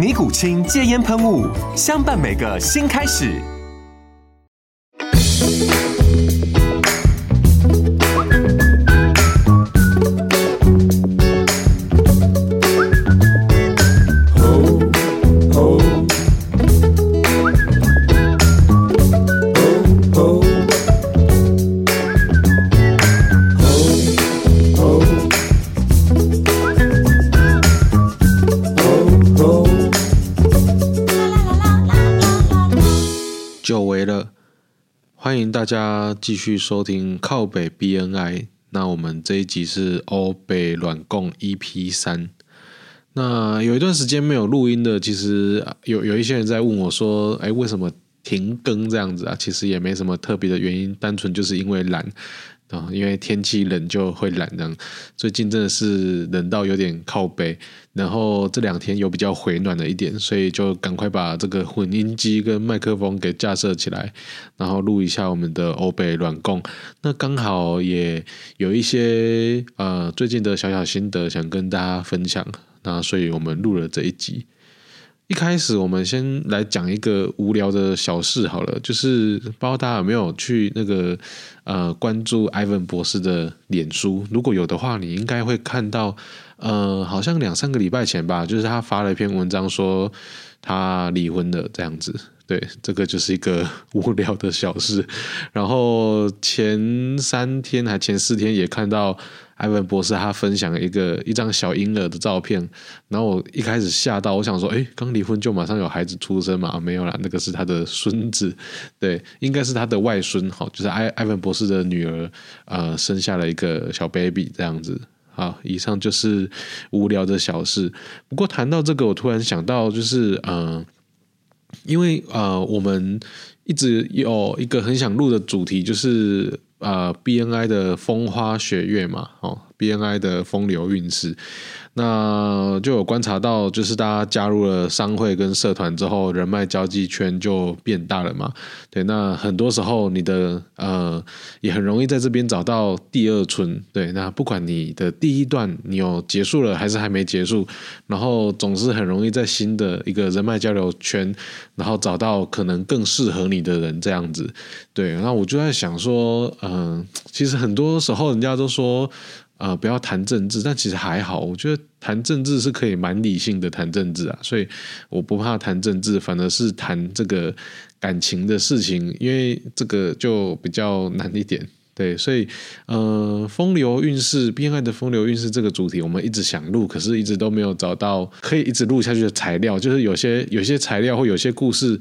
尼古清戒煙噴霧，相伴每個新開始。歡迎大家繼續收聽靠北 BNI，那我們這一集是歐北卵共 EP 三。那有一段時間沒有錄音的，其實有有一些人在問我說：“哎，為什麼停更這樣子啊？”其實也沒什麼特別的原因，單純就是因為懶。啊，因為天氣冷就會懶人，最近真的是冷到有點靠北，然後這兩天有比較回暖了一點，所以就趕快把這個混音機跟麥克風給架設起來，然後錄一下我們的歐北軟供，那剛好也有一些呃最近的小小心得想跟大家分享，那所以我們錄了這一集。一開始我們先來講一個無聊的小事好了，就是不知道大家有沒有去那個呃關注艾文博士的臉書？如果有的話，你應該會看到，呃，好像兩三個禮拜前吧，就是他發了一篇文章說他離婚了這樣子。對，這個就是一個無聊的小事。然後前三天還前四天也看到艾文博士他分享一個一張小嬰兒的照片，然後我一開始嚇到，我想說，誒，剛離婚就馬上有孩子出生嘛？啊，沒有啦，那個是他的孫子，對，應該是他的外孫，好，就是艾艾文博士的女兒，呃，生下了一個小 baby 這樣子。好，以上就是無聊的小事。不過談到這個，我突然想到，就是嗯。呃因為呃，我們一直有一個很想錄的主題，就是呃，B N I 的風花雪月嘛，哦，B N I 的風流韻事。那就有觀察到，就是大家加入了商會跟社團之後，人脈交際圈就變大了嘛。對，那很多時候你的呃也很容易在這邊找到第二春。對，那不管你的第一段你有結束了還是還沒結束，然後總是很容易在新的一個人脈交流圈，然後找到可能更適合你的人這樣子。對，那我就在想說，嗯，其實很多時候人家都說。啊、呃，不要談政治，但其實還好，我覺得談政治是可以蠻理性的談政治啊，所以我不怕談政治，反而是談這個感情的事情，因為這個就比較難一點，對，所以呃，風流韻事，戀愛的風流韻事，這個主題，我們一直想錄，可是一直都沒有找到可以一直錄下去的材料，就是有些有些材料或有些故事，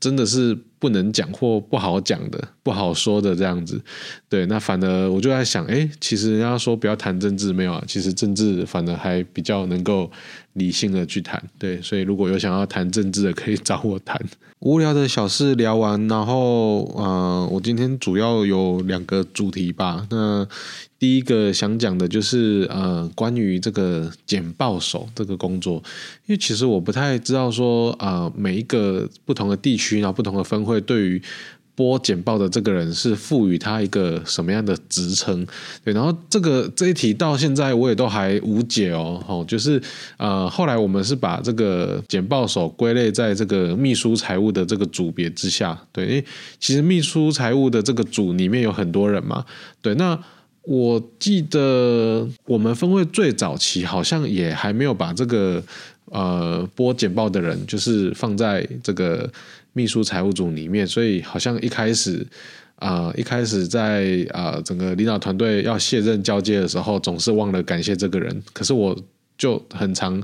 真的是。不能講或不好講的，不好說的這樣子，對，那反而我就在想，哎，其實人家說不要談政治，沒有啊，其實政治反而還比較能夠理性的去談，對，所以如果有想要談政治的，可以找我談。無聊的小事聊完，然後啊、呃，我今天主要有兩個主題吧，那第一個想講的就是呃，關於這個簡報手這個工作，因為其實我不太知道說啊、呃，每一個不同的地區呢，然後不同的分。會對於播簡報的這個人是賦予他一個什麼樣的職稱？對，然後這個這一題到現在我也都還無解哦。哦，就是呃，後來我們是把這個簡報手歸類在這個秘書財務的這個組別之下。對，因為其實秘書財務的這個組裡面有很多人嘛。對，那我記得我們分會最早期好像也還沒有把這個。呃，播簡報的人就是放在這個秘書財務組裡面，所以好像一開始啊、呃，一開始在啊、呃、整個領導團隊要卸任交接的時候，總是忘了感謝這個人。可是我。就很常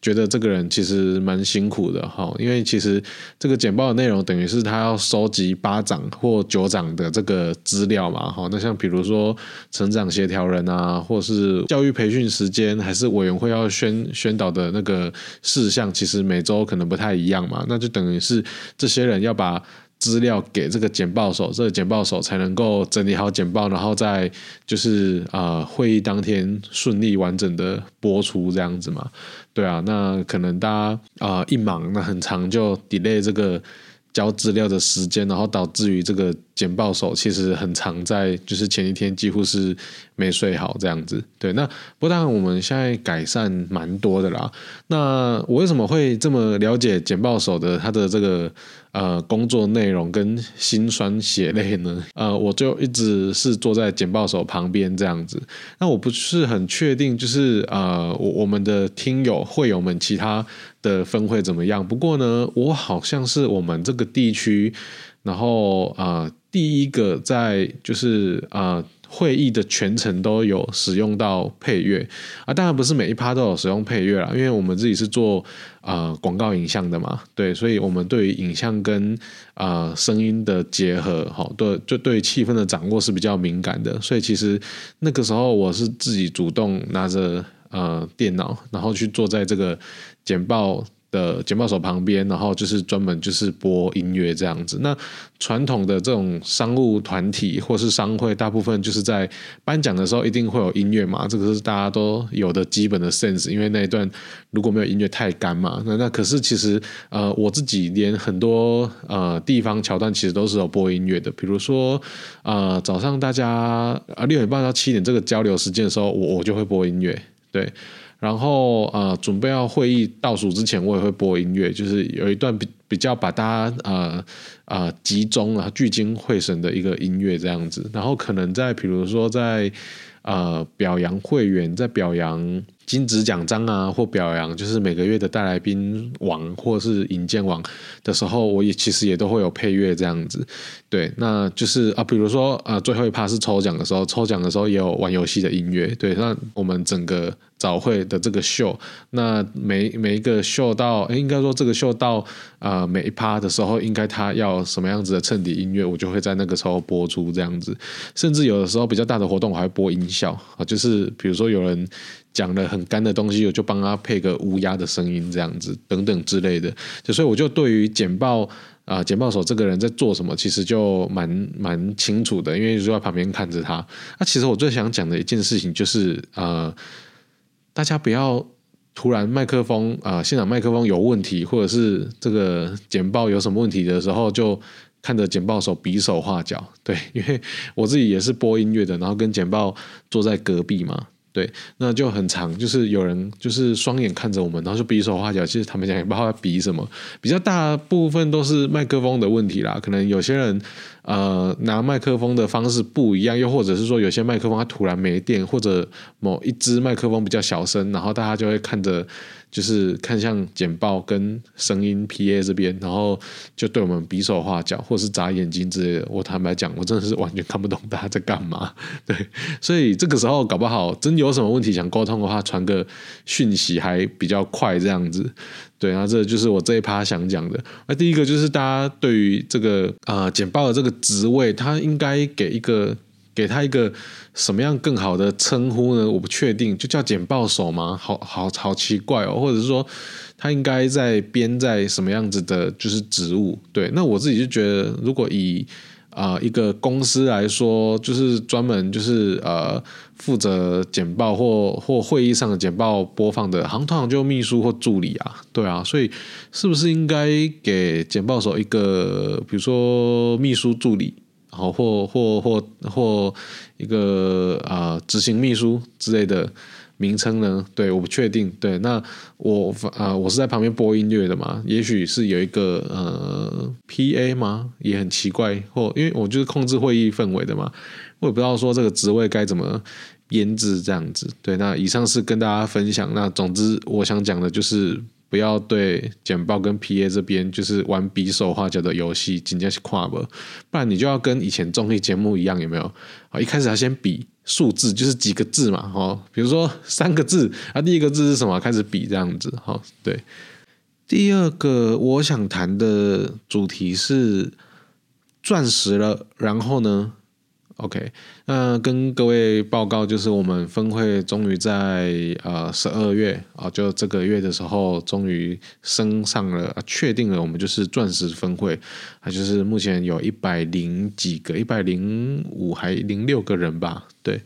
覺得這個人其實蠻辛苦的哈，因為其實這個簡報的內容等於是他要收集八張或九張的這個資料嘛哈。那像比如說成長協調人啊，或是教育培訓時間，還是委員會要宣宣導的那個事項，其實每周可能不太一樣嘛。那就等於是這些人要把。資料給這個簡報手，這個簡報手才能夠整理好簡報，然後在就是啊、呃、會議當天順利完整的播出這樣子嘛？對啊，那可能大家啊、呃、一忙，那很常就 delay 這個交資料的時間，然後導致於這個簡報手其實很常在就是前一天幾乎是沒睡好這樣子。對，那不但我們現在改善蠻多的啦。那我為什麼會這麼了解簡報手的他的這個？呃，工作內容跟辛酸血淚呢？呃，我就一直是坐在簡報手旁邊這樣子。那我不是很確定，就是呃，我我們的聽友會友們其他的分會怎麼樣？不過呢，我好像是我們這個地區，然後啊、呃，第一個在就是啊。呃會議的全程都有使用到配樂啊，當然不是每一趴都有使用配樂啦，因為我們自己是做啊、呃、廣告影像的嘛，對，所以我們對於影像跟啊、呃、聲音的結合，好、哦，對，就對氣氛的掌握是比較敏感的，所以其實那個時候我是自己主動拿着啊、呃、電腦，然後去坐在這個簡報。的簡報手旁邊，然後就是專門就是播音樂這樣子。那傳統的這種商務團體或是商會，大部分就是在頒獎的時候一定會有音樂嘛，這個是大家都有的基本的 sense。因為那一段如果沒有音樂太乾嘛，那那可是其實呃，我自己連很多呃地方橋段其實都是有播音樂的，比如說呃早上大家啊六點半到七點這個交流時間的時候，我我就會播音樂。對，然後呃，準備要會議倒數之前，我也會播音樂，就是有一段比比較把大家呃呃集中了、啊、聚精會神的一個音樂這樣子，然後可能在比如說在呃表揚會員，在表揚。金質獎章啊，或表揚，就是每個月的帶來賓王或是引薦王的時候，我也其實也都會有配樂這樣子。對，那就是啊，比如說啊，最後一趴是抽獎的時候，抽獎的時候也有玩遊戲的音樂。對，那我們整個。早會的這個秀，那每每一個秀到，應該說這個秀到啊、呃、每一趴的時候，應該他要什麼樣子的襯底音樂，我就會在那個時候播出這樣子。甚至有的時候比較大的活動，我還播音效啊，就是比如說有人講了很乾的東西，我就幫他配個烏鴉的聲音這樣子，等等之類的。就所以我就對於簡報啊、呃，簡報手這個人在做什麼，其實就蠻蠻清楚的，因為就在旁邊看着他。那、啊、其實我最想講的一件事情就是呃。大家不要突然麥克風啊，呃，現場麥克風有問題，或者是這個剪報有什麼問題的時候，就看着剪報手比手畫腳。對，因為我自己也是播音樂的，然後跟剪報坐在隔壁嘛。對，那就很常，就是有人就是雙眼看着我們，然後就比手畫腳。其實他們講也不知道在比什麼，比較大部分都是麥克風的問題啦。可能有些人呃拿麥克風的方式不一樣，又或者是說有些麥克風它突然沒電，或者某一支麥克風比較小聲，然後大家就會看着。就是看向簡報跟聲音 PA 這邊，然後就對我們比手畫腳，或是眨眼睛之類的。我坦白講，我真的是完全看不懂大家在幹嘛。對，所以這個時候搞不好真有什麼問題想溝通的話，傳個訊息還比較快這樣子。對啊，這就是我這一趴想講的。那、啊、第一個就是大家對於這個啊、呃、簡報的這個職位，他應該給一個。給他一個什麼樣更好的稱呼呢？我不確定，就叫簡報手嗎？好好好奇怪哦，或者是說他應該在編在什麼樣子的，就是職務？對，那我自己就覺得，如果以啊、呃、一個公司來說，就是專門就是呃負責簡報或或會議上的簡報播放的，好像通常就秘書或助理啊，對啊，所以是不是應該給簡報手一個，比如說秘書助理？好，或或或或一個啊，呃、執行秘書之類的名稱呢？對，我不確定。對，那我啊、呃，我是在旁邊播音樂的嘛？也許是有一個呃，P A 嗎？也很奇怪。或，因為我就是控制會議氛圍的嘛，我也不知道說這個職位該怎麼編制這樣子。對，那以上是跟大家分享。那總之，我想講的就是。不要對簡報跟 PA 這邊就是玩比手畫腳的遊戲，緊接着跨吧，不然你就要跟以前綜藝節目一樣，有沒有？好，一開始要先比數字，就是幾個字嘛，哦，比如說三個字，啊，第一個字是什麼？開始比這樣子，哦，對。第二個我想談的主題是鑽石了，然後呢？OK，那跟各位報告，就是我們分會終於在呃十二月啊、哦，就這個月的時候，終於升上了，啊、確定了，我們就是鑽石分會，啊，就是目前有一百零幾個，一百零五還零六個人吧，對。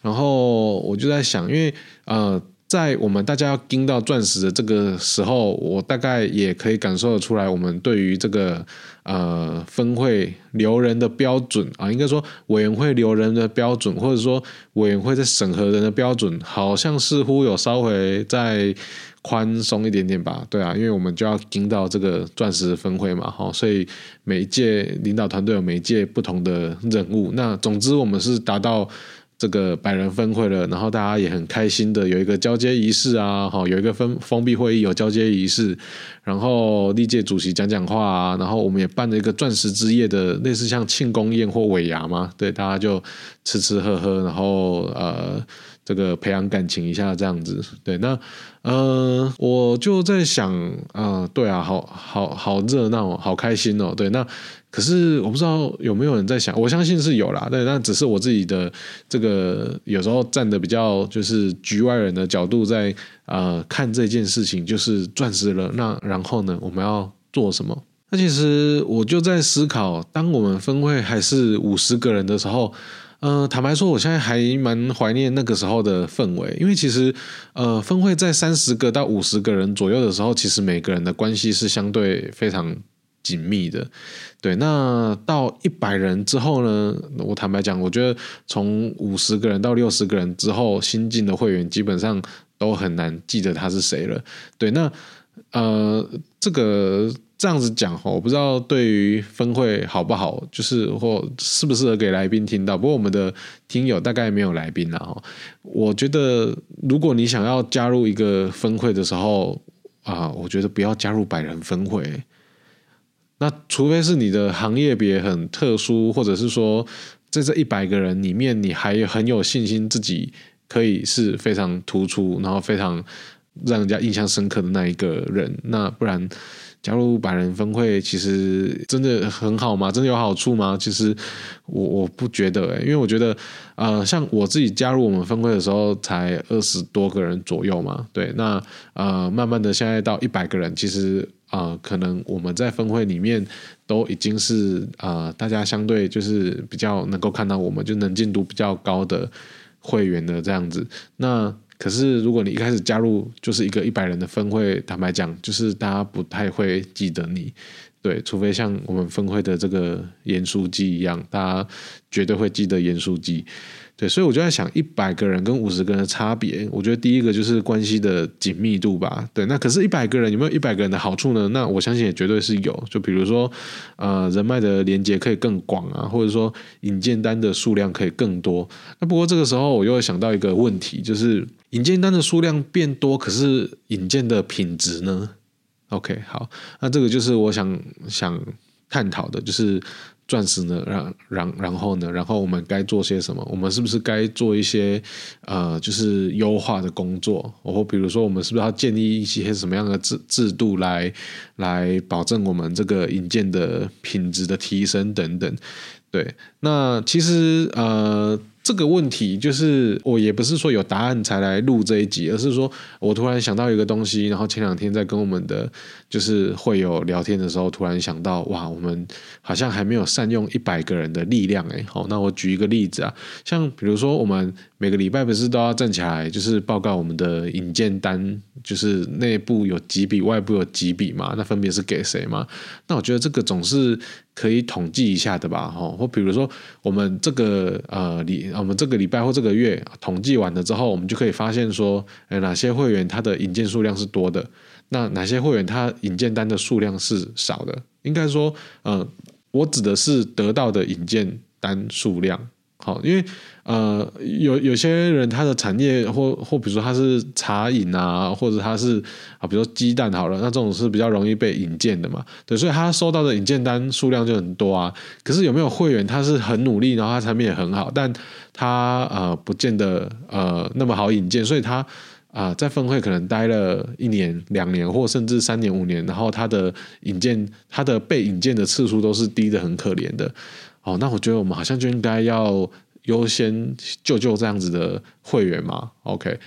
然後我就在想，因為呃。在我們大家要盯到鑽石的這個時候，我大概也可以感受得出來，我們對於這個呃分會留人的標準啊，應該說委員會留人的標準，或者說委員會在審核人的標準，好像似乎有稍微再寬鬆一點點吧？對啊，因為我們就要盯到這個鑽石分會嘛，吼、哦，所以每一屆領導團隊有每一屆不同的任務。那總之，我們是達到。這個百人分會了，然後大家也很開心的有一個交接儀式啊，好，有一個封封閉會議有交接儀式，然後歷屆主席講講話，啊，然後我們也辦了一個鑽石之夜的類似像慶功宴或尾牙嘛，對，大家就吃吃喝喝，然後呃。這個培養感情一下，這樣子，對，那呃，我就在想，啊、呃、對啊，好，好，好熱鬧，好開心哦，對，那可是我不知道有沒有人在想，我相信是有啦，對，那只是我自己的這個有時候站的比較就是局外人的角度在呃看這件事情，就是鑽石了，那然後呢，我們要做什麼？那其實我就在思考，當我們分會還是五十個人的時候。呃，坦白說，我現在還蠻懷念那個時候的氛圍，因為其實，呃，分會在三十個到五十個人左右的時候，其實每個人的關係是相對非常緊密的。對，那到一百人之後呢？我坦白講，我覺得從五十個人到六十個人之後，新進的會員基本上都很難記得他是誰了。對，那呃，這個。這樣子講，我不知道對於分會好不好，就是或適不適合給來賓聽到。不過我們的聽友大概沒有來賓了。我覺得如果你想要加入一個分會的時候啊，我覺得不要加入百人分會。那除非是你的行業別很特殊，或者是說在這一百個人裡面，你還很有信心自己可以是非常突出，然後非常讓人家印象深刻的那一個人，那不然。加入百人分會，其實真的很好嗎？真的有好處嗎？其實我我不覺得，欸，因為我覺得，呃，像我自己加入我們分會的時候，才二十多個人左右嘛。對，那呃，慢慢的，現在到一百個人，其實啊，呃，可能我們在分會裡面都已經是啊，呃，大家相對就是比較能夠看到我們就能進度比較高的會員的這樣子。那可是，如果你一開始加入就是一個一百人的分會，坦白講，就是大家不太會記得你。對，除非像我們分會的這個嚴書記一樣，大家絕對會記得嚴書記。對，所以我就在想，一百個人跟五十個人的差別，我覺得第一個就是關係的緊密度吧。對，那可是，一百個人有沒有一百個人的好處呢？那我相信也絕對是有。就比如說，呃，人脈的連接可以更廣啊，或者說引薦單的數量可以更多。那不過這個時候，我又會想到一個問題，就是引薦單的數量變多，可是引薦的品質呢？OK，好，那這個就是我想想探討的，就是鑽石呢，然然然後呢，然後我們該做些什麼？我們是不是該做一些呃，就是優化的工作？或、哦、比如說，我們是不是要建立一些什麼樣的制制度來來保證我們這個引薦的品質的提升等等？對，那其實呃。這個問題就是，我也不是說有答案才來錄這一集，而是說我突然想到一個東西，然後前兩天在跟我們的就是會友聊天的時候，突然想到，哇，我們好像還沒有善用一百個人的力量哎。好、哦，那我舉一個例子啊，像比如說我們每個禮拜不是都要站起來，就是報告我們的引薦單，就是內部有幾筆，外部有幾筆嘛，那分別是給誰嘛？那我覺得這個總是。可以統計一下的吧，吼、哦，或比如說我們這個呃禮，我們這個禮拜或這個月，啊，統計完了之後，我們就可以發現說，誒，哪些會員他的引薦數量是多的，那哪些會員他引薦單的數量是少的？應該說，嗯、呃，我指的是得到的引薦單數量。好，因為呃，有有些人他的產業或或比如說他是茶飲啊，或者他是啊，比如說雞蛋好了，那這種是比較容易被引薦的嘛，對，所以他收到的引薦單數量就很多啊。可是有沒有會員，他是很努力，然後他產品也很好，但他，呃，不見得呃那麼好引薦，所以他啊，呃，在分會可能待了一年、兩年或甚至三年、五年，然後他的引薦他的被引薦的次數都是低得很可憐的。哦，那我覺得我們好像就應該要優先救救這樣子的會員嘛。OK，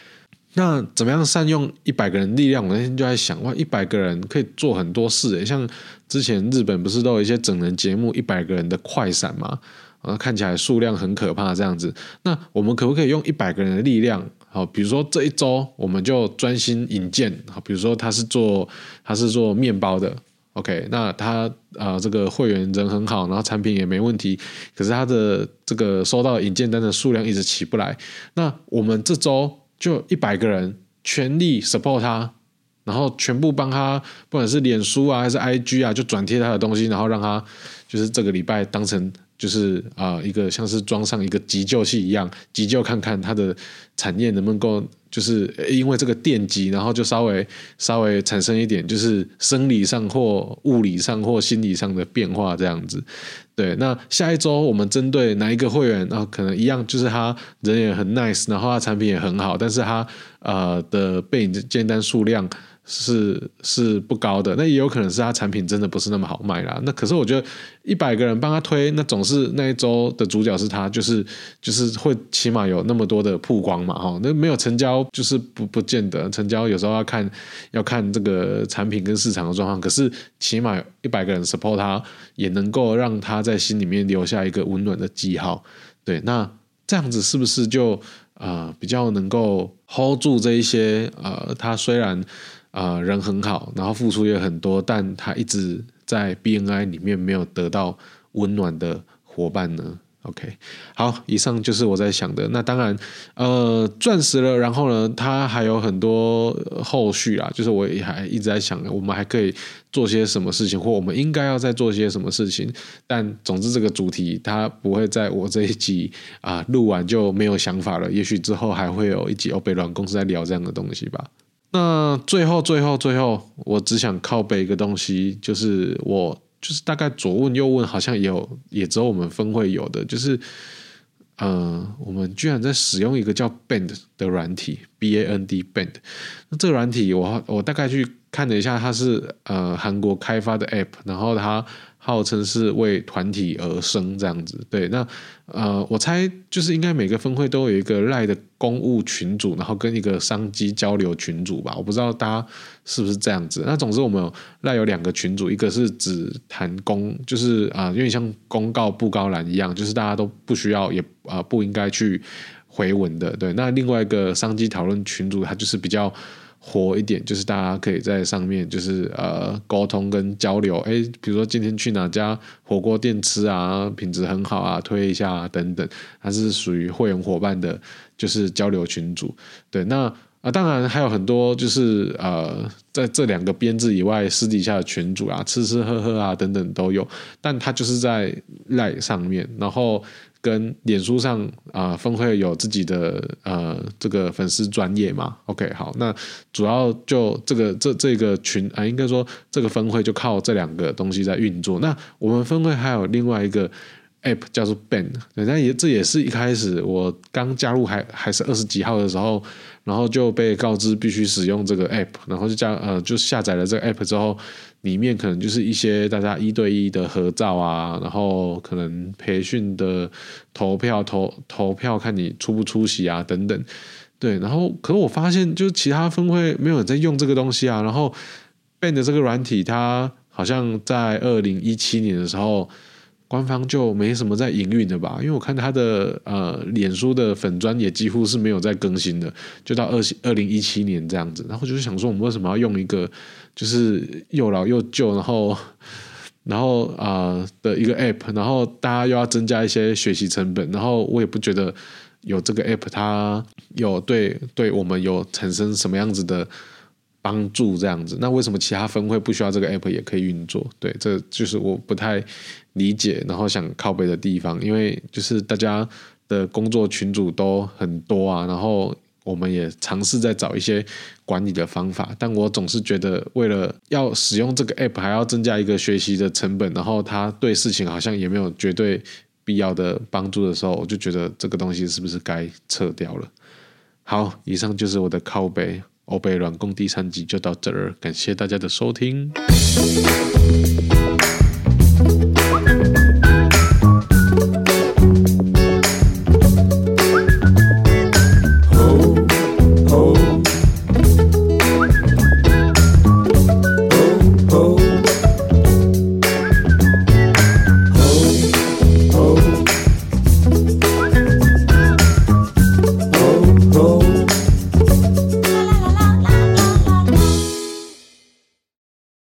那怎麼樣善用一百個人力量？我那天就在想，哇，一百個人可以做很多事誒。像之前日本不是都有一些整人節目，一百個人的快閃嘛，然後，哦，看起來數量很可怕啊，這樣子。那我們可不可以用一百個人的力量？好，哦，比如說這一周我們就專心引薦。好，比如說他是做他是做麵包的。OK，那他啊，呃，這個會員人很好，然後產品也沒問題，可是他的這個收到的引薦單的數量一直起不來。那我們這週就一百個人全力 support 他，然後全部幫他，不管是臉書啊還是 IG 啊，就轉貼他的東西，然後讓他就是這個禮拜當成。就是啊，一個像是裝上一個急救器一樣，急救看看他的產業能不能夠，就是因為這個電極，然後就稍微稍微產生一點，就是生理上或物理上或心理上的變化這樣子。對，那下一周我們針對哪一個會員，然後可能一樣，就是他人也很 nice，然後他產品也很好，但是他啊的背景的接單數量。是是不高的，那也有可能是他產品真的不是那麼好賣啦。那可是我覺得一百個人幫他推，那總是那一周的主角是他，就是就是會起碼有那麼多的曝光嘛，哈。那沒有成交就是不不見得成交，有時候要看要看這個產品跟市場的狀況。可是起碼一百個人 support 他，也能夠讓他在心裡面留下一個溫暖的記號。對，那這樣子是不是就啊、呃、比較能夠 hold 住這一些啊、呃？他雖然啊、呃，人很好，然後付出也很多，但他一直在 BNI 裡面沒有得到溫暖的夥伴呢。OK，好，以上就是我在想的。那當然，呃，鑽石了，然後呢，他還有很多、呃、後續啊，就是我也還一直在想，我們還可以做些什麼事情，或我們應該要再做些什麼事情。但總之，這個主題他不會在我這一集啊、呃、錄完就沒有想法了。也許之後還會有一集黑白卵共在聊這樣的東西吧。那最後、最後、最後，我只想靠北一個東西，就是我就是大概左問右問，好像也有也只有我們分會有的，就是，嗯、呃，我們居然在使用一個叫 Band 的軟體，B A N D Band。那這個軟體我，我我大概去看了一下，它是呃韓國開發的 App，然後它。號稱是為團體而生這樣子，對，那呃，我猜就是應該每個分會都有一個賴的公務群組，然後跟一個商機交流群組吧，我不知道大家是不是這樣子。那總之我們賴有，有兩個群組，一個是只談公，就是啊、呃，因為像公告布告欄一樣，就是大家都不需要也啊、呃、不應該去回文的，對。那另外一個商機討論群組，它就是比較。活一點，就是大家可以在上面，就是呃溝通跟交流。誒比如說今天去哪家火鍋店吃啊，品質很好啊，推一下、啊、等等。它是屬於會員夥伴的，就是交流群組。對，那啊、呃，當然還有很多，就是呃在這兩個編制以外，私底下的群組啊，吃吃喝喝啊等等都有。但它就是在 LINE 上面，然後。跟臉書上啊、呃，分會有自己的呃這個粉絲專業嘛。OK，好，那主要就這個這這個群啊、呃，應該說這個分會就靠這兩個東西在運作。那我們分會還有另外一個 app 叫做 Band，那也這也是一開始我剛加入還還是二十幾號的時候，然後就被告知必須使用這個 app，然後就加呃就下載了這個 app 之後。裡面可能就是一些大家一對一的合照啊，然後可能培訓的投票投投票，看你出不出席啊等等，對，然後可是我發現就是其他分會沒有人在用這個東西啊，然後 Band 這個軟體它好像在二零一七年的時候。官方就沒什麼在營運的吧，因為我看他的呃，臉書的粉專也幾乎是沒有在更新的，就到二零二零一七年這樣子。然後就是想說，我們為什麼要用一個就是又老又舊，然後然後啊、呃、的一個 app，然後大家又要增加一些學習成本，然後我也不覺得有這個 app 它有對，對我們有產生什麼樣子的。幫助這樣子，那為什麼其他分會不需要這個 app 也可以運作？對，這就是我不太理解，然後想靠北的地方。因為就是大家的工作群組都很多啊，然後我們也嘗試在找一些管理的方法，但我總是覺得，為了要使用這個 app 還要增加一個學習的成本，然後它對事情好像也沒有絕對必要的幫助的時候，我就覺得這個東西是不是該撤掉了？好，以上就是我的靠北。歐北軟工第三集就到這兒，感謝大家的收聽。